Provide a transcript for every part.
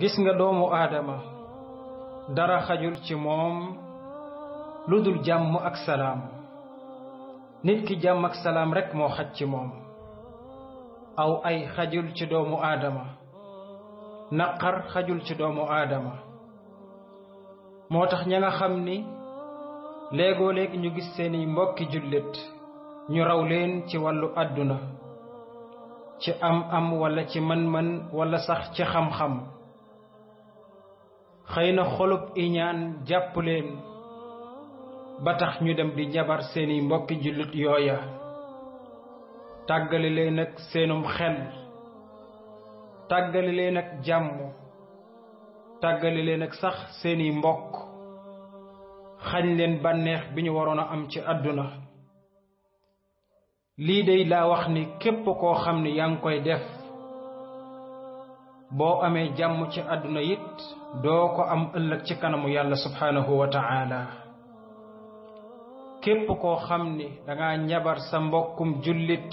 gis nga doomu aadama dara xajul ci moom lu dul jàmm ak salaam nit ki jàmm ak salaam rekk moo xaj ci moom aw ay xajul ci doomu aadama naqar xajul ci doomu aadama moo tax ña nga xam ni léegoo léegi ñu gis seeni mbokki jullit ñu raw leen ci wàllu àdduna ci am-am walla ci man man wala sax ci xam-xam xëy na xolub iñaan jàpp leen ba tax ñu dem di jabar seeni mbokki jullit yooya tàggale leen ak seenum xel tàggale leen ak jàmm tàggale leen ak sax seeni mbokk xañleen bànneex bi ñu waroon a am ci àdduna lii day laa wax ni képp koo xam ni yaa ngi koy def boo amee jàmm ci àdduna yit doo ko am ëllëg ci kanamu yàlla subhaanahu wa ta'ala képp koo xam ni danga ñabar sa mbokkum jullit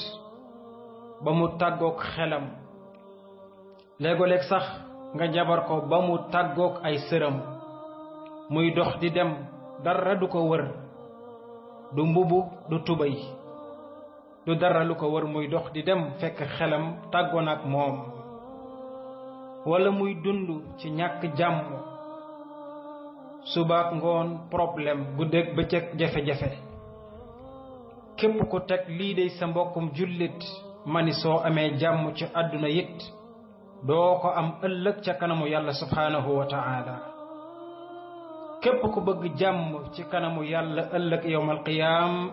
ba mu tàggook xelam léegoleeg sax nga njabar ko ba mu tàggook ay sëram muy dox di dem dara du ko wër du mbubb du tubéy du dara lu ko war muy dox di dem fekk xelam tàggoon ak moom wala muy dund ci ñàkk jàmm subaak ngoon problème bu dégg bëccëg jafe-jafe képp ku teg lii dey sa mbokkum jullit mani soo amee jàmm ci àdduna it doo ko am ëllëg ca kanamu yàlla subhaanahu wa ta'ala képp ku bëgg jàmm ci kanamu yàlla ëllëg yowmal qiyaam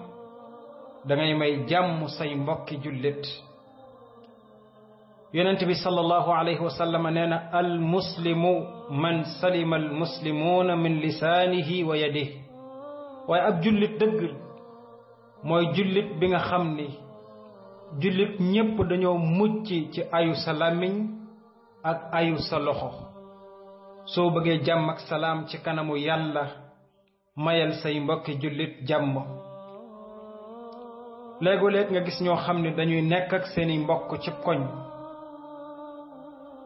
dangay may jàmm say mbokki jullit yonent bi sallallahu alayhi wa nee na al muslimu man salima al muslimuuna min lisaanihi wa yadihi waaye ab jullit dëgg mooy jullit bi nga xam ni jullit ñépp dañoo mucc ci ayu sa làmmiñ ak ayu sa loxo soo bëggee jàmm ak salaam ci kanamu yàlla mayal say mbokki jullit jàmm léegoo-léeg nga gis ñoo xam ne dañuy nekk seeni mbokk ci koñ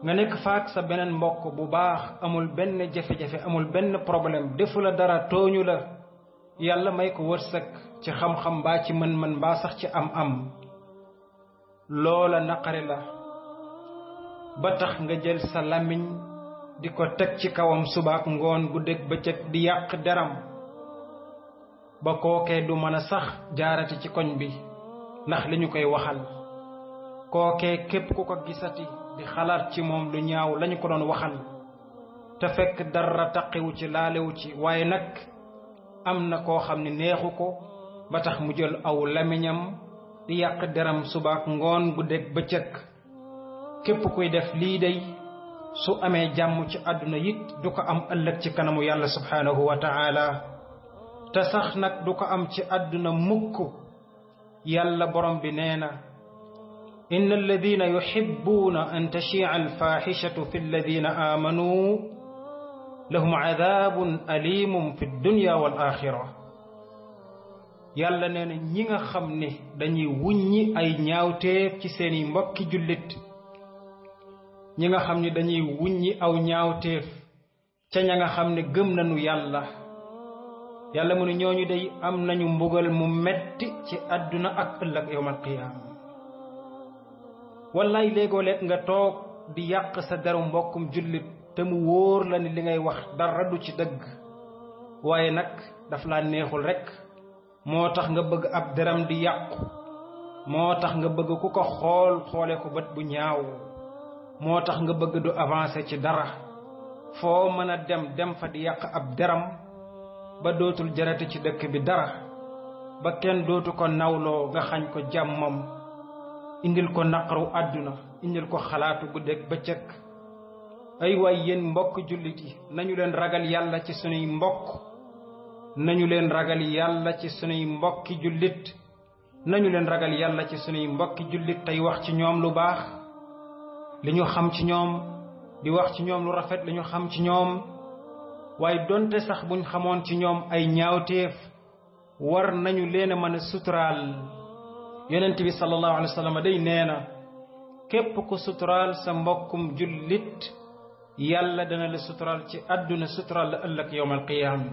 nga nekk faak sa beneen mbokk bu baax amul benn jafe-jafe amul benn problème defu la dara tooñu la yàlla may ko wërsëg ci xam-xam mbaa ci mën-mën baa sax ci am-am loola naqari la ba tax nga jël sa làmmiñ di ko teg ci kawam subaak ngoon ba bëccëg di yàq deram ba kookee du mën a sax jaarati ci koñ bi ndax li koy waxal kookee képp ku ko gisati di xalaat ci moom lu ñaaw lañu ko doon waxal te fekk dara taqiwu ci laalewu ci waaye nag am na koo xam ne neexu ko ba tax mu jël aw lamiñam di yàq deram subaak ngoon gu ba bëccëg képp kuy def lii day su amee jàmm ci àdduna it du ko am ëllëg ci kanamu yàlla subhaanahu wa ta'ala te sax nag du ko am ci àdduna mukk yàlla borom bi nee na إن الذين يحبون أن تشيع الفاحشة في الذين آمنوا لهم عذاب أليم في الدنيا والآخرة yàlla nee na ñi nga xam dañuy wuññi ay ñaawteef ci seeni mbokki jullit ñi nga xam ne dañuy wuññi aw ñaawteef ca ña nga xam gëm nañu yàlla yàlla mu ne ñooñu day am nañu mbugal mu metti ci àdduna ak ëllëg yowmal qiyaama wallaay léegoo léeg nga toog di yàq sa deru mbokkum jullit te mu wóor la ni li ngay wax dara du ci dëgg waaye nag daf laa neexul rekk moo tax nga bëgg ab deram di yàqu moo tax nga bëgg ku ko xool xoole ko bët bu ñaaw moo tax nga bëgg du avancé ci dara foo mën a dem dem fa di yàq ab deram ba dootul jarati ci dëkk bi dara ba kenn dootu ko nawloo nga xañ ko jàmmam indil ko naqaru àdduna indil ko xalaatu bu ba bëccëg ay waay yéen mbokk jullit yi nañu leen ragal yàlla ci sunuy mbokk nañu leen ragal yàlla ci sunuy mbokki jullit nañu leen ragal yàlla ci sunuy mbokki jullit tey wax ci ñoom lu baax li ñu xam ci ñoom di wax ci ñoom lu rafet li ñu xam ci ñoom waaye donte sax buñ xamoon ci ñoom ay ñaawteef war nañu leen a mën a suturaal yonent bi sallallahu alayhi wa day nee na képp ku suturaal sa mbokkum jullit yàlla dana la suturaal ci àdduna suturaal la ëllëg yowmal qiyaam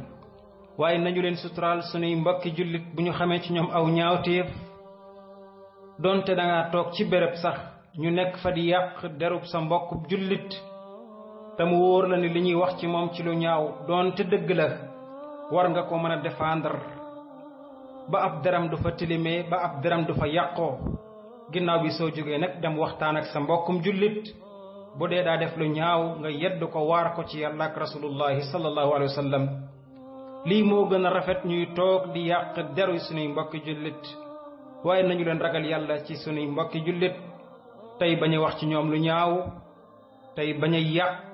waaye nañu leen suturaal sunuy mbokki jullit bu ñu xamee ci ñoom aw ñaawteef donte dangaa toog ci béréb sax ñu nekk fa di yàq derub sa mbokku jullit te mu na la ni li ñuy wax ci moom ci lu ñaaw doonte dëgg la war nga ko mën a défendre ba ab daram du fa tilimee ba ab daram du fa yàqoo ginnaaw bi soo jógee nag dem waxtaan ak sa mbokkum jullit bu dee daa def lu ñaaw nga yedd ko waar ko ci yàlla ak rasulullahi sallallahu alayhi wa sallam lii moo gën a rafet ñuy toog di yàq deru sunuy mbokki jullit waaye nañu leen ragal yàlla ci sunuy mbokki jullit tey bañ a wax ci ñoom lu ñaaw tey bañ a yàq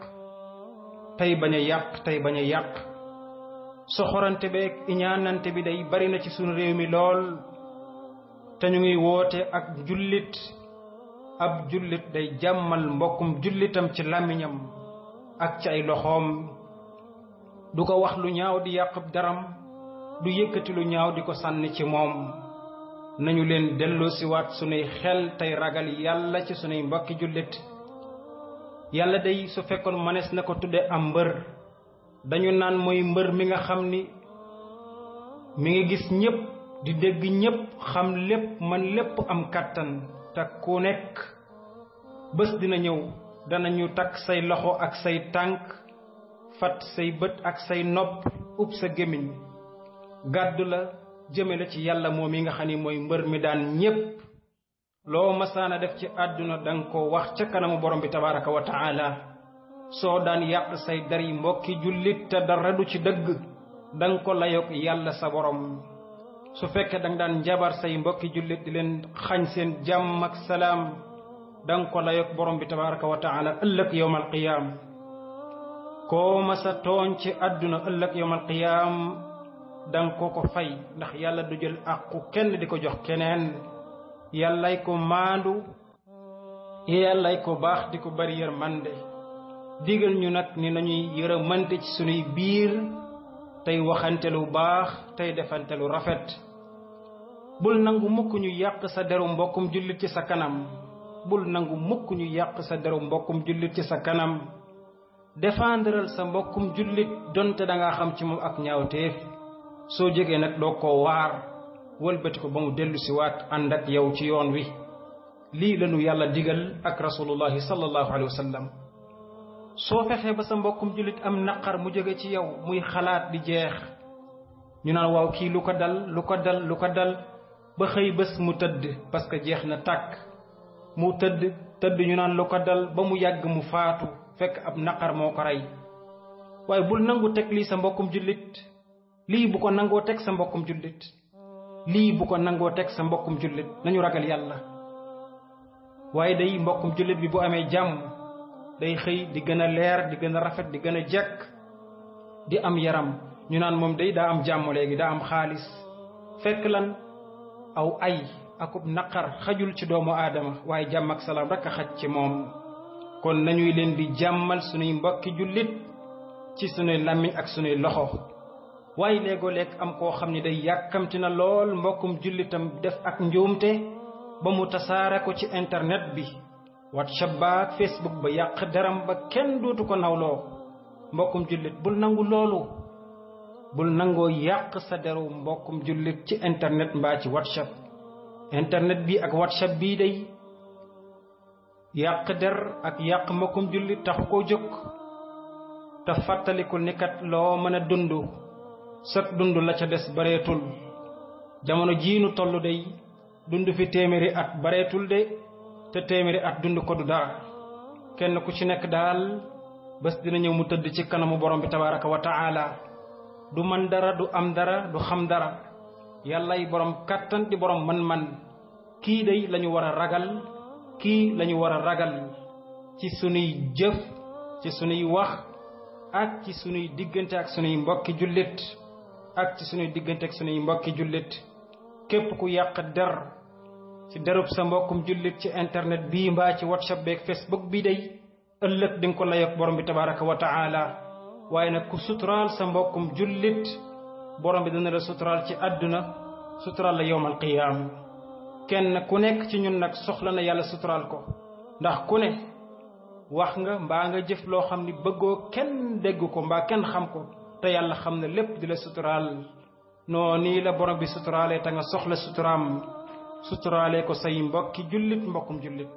tey bañ a yàq tey bañ a yàq soxorante beeg iñaanante bi day bari na ci sunu réew mi lool te ñu ngi woote ak jullit ab jullit day jàmmal mbokkum jullitam ci làmmiñam ak ci ay loxoom du ko wax lu ñaaw di yàq daram du yëkkati lu ñaaw di ko sànni ci moom nañu leen delloosiwaat sunuy xel tey ragal yàlla ci sunuy mbokki jullit yàlla day su fekkoon manees na ko tudde am mbër dañu naan mooy mbër mi nga xam ni mi ngi gis ñépp di dégg ñépp xam lépp man lépp am kàttan te ku nekk bés dina ñëw ñu takk say loxo ak say tànk fat say bët ak say nopp ub sa gémmiñ gàddu la jëme la ci yàlla moom yi nga xam ni mooy mbër mi daan ñépp loo masaana def ci àdduna danga ko wax ca borom bi tabaraka wa taala soo daan yàq say dari mbokki jullit te dara du ci dëgg danga ko layoog yàlla sa borom su fekkee danga daan njabar say mbokki jullit leen xañ seen jàmm ak salaam danga ko layoog borom bi tabaraka wa taala ëllëg yowmal qiyaam koo masa tooñ ci àdduna ëllëg yowmal qiyaam danga ko ko fay ndax yàlla du jël àqu kenn di ko jox keneen yàllay ko maandu yàllay ko baax di ko bari yërmande digal ñu nag ni nañuy yërëmante ci sunuy biir tey waxante lu baax tey defante lu rafet bul nangu mukk ñu yàq sa deru mbokkum jullit ci sa kanam bul nangu mukk ñu yàq sa deru mbokkum jullit ci sa kanam défendral sa mbokkum jullit donte danga nga xam ci moom ak ñaawteef soo jógee nag doo ko waar wëlbati ko ba mu dellu si waat ànd ak yow ci yoon wi lii lañu yàlla digal ak rasulullahi sallallahu alayhi wa sallam soo fexee ba sa mbokkum jullit am naqar mu jóge ci yow muy xalaat di jeex ñu naan waaw kii lu ko dal lu ko dal lu ko dal ba xëy bés mu tëdd parce que jeex na tàkk mu tëdd tëdd ñu naan lu ko dal ba mu yàgg mu faatu fekk ab naqar moo ko rey waaye bul nangu teg lii sa mbokkum jullit lii bu ko nangoo teg sa mbokkum jullit lii bu ko nangoo teg sa mbokkum jullit nañu ragal yàlla waaye day mbokkum jullit bi bu amee jàmm day xëy di gën a leer di gën a rafet di gën a jekk di am yaram ñu naan moom day daa am jàmm léegi daa am xaalis fekk lan aw ay akub naqar xajul ci doomu aadama waaye jàmm ak salaam rek a xaj ci moom kon nañuy leen di jàmmal sunuy mbokki jullit ci sunuy làmmiñ ak sunuy loxo waaye léegoo lekk am koo xam ni day yàkkamti na lool mbokkum jullitam def ak njuumte ba mu tasaare ko ci internet bi whatsapp ba facebook ba yàq deram ba kenn dootu ko nawloo mbokkum jullit bul nangu loolu bul nangoo yàq sa deru mbokkum jullit ci internet mbaa ci whatsapp internet bi ak whatsapp bii day yàq der ak yàq mbokkum jullit taxu koo jóg te fàttaliku ni loo mën a dund sag dund la ca des bareetul jamono jii nu toll day dund fi téeméeri at bareetul de te téeméeri at dund ko du dara kenn ku ci nekk daal bés dina ñëw mu tëdd ci kanamu borom bi tabaraka wa taala du man dara du am dara du xam dara yàllay borom kàttan di borom man-man kii day lañu war a ragal kii lañu war a ragal ci sunuy jëf ci sunuy wax ak ci sunuy diggante ak sunuy mbokki jullit ak ci suñuy diggante ak suñuy mbokki jullit képp ku yàq der ci derub sa mbokkum jullit ci internet bii mbaa ci whatsapp beeg facebook bi day ëllëg di nga ko layoog borom bi tabaraka wa taala waaye nag ku suturaal sa mbokkum jullit borom bi dana la suturaal ci àdduna suturaal la yowmal qiyaam kenn ku nekk ci ñun nag soxla na yàlla suturaal ko ndax ku ne wax nga mbaa nga jëf loo xam ni bëggoo kenn dégg ko mbaa kenn xam ko te yàlla xam ne lépp di la suturaal noo nii la borom bi suturaalee te nga soxla suturaam suturaale ko say mbokki jullit mbokkum jullit